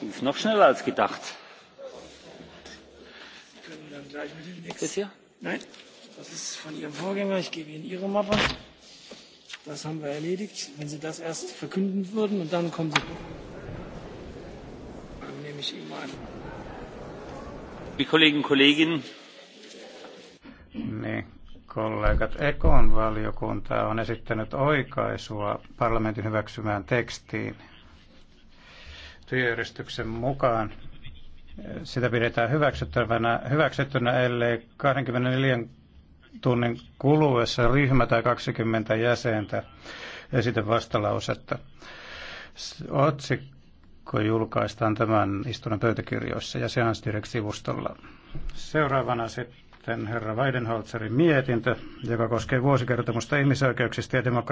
Lief noch schneller als gedacht. können dann gleich mit dem nächsten. Ist hier? Nein, das ist von Ihrem Vorgänger. Ich gebe Ihnen Ihre Mappe. Das haben wir erledigt. Wenn Sie das erst verkünden würden und dann kommen Sie. Dann nehme ich Ihnen an. Die Kollegen, Kolleginnen. Niin, kollegat, Ekon valiokunta on esittänyt oikaisua parlamentin hyväksymään tekstiin työjärjestyksen mukaan sitä pidetään hyväksyttävänä, hyväksyttynä, ellei 24 tunnin kuluessa ryhmä tai 20 jäsentä esitä vastalausetta. Otsikko julkaistaan tämän istunnon pöytäkirjoissa ja Seansdirect-sivustolla. Seuraavana sitten herra Weidenholzerin mietintö, joka koskee vuosikertomusta ihmisoikeuksista ja demokratiasta.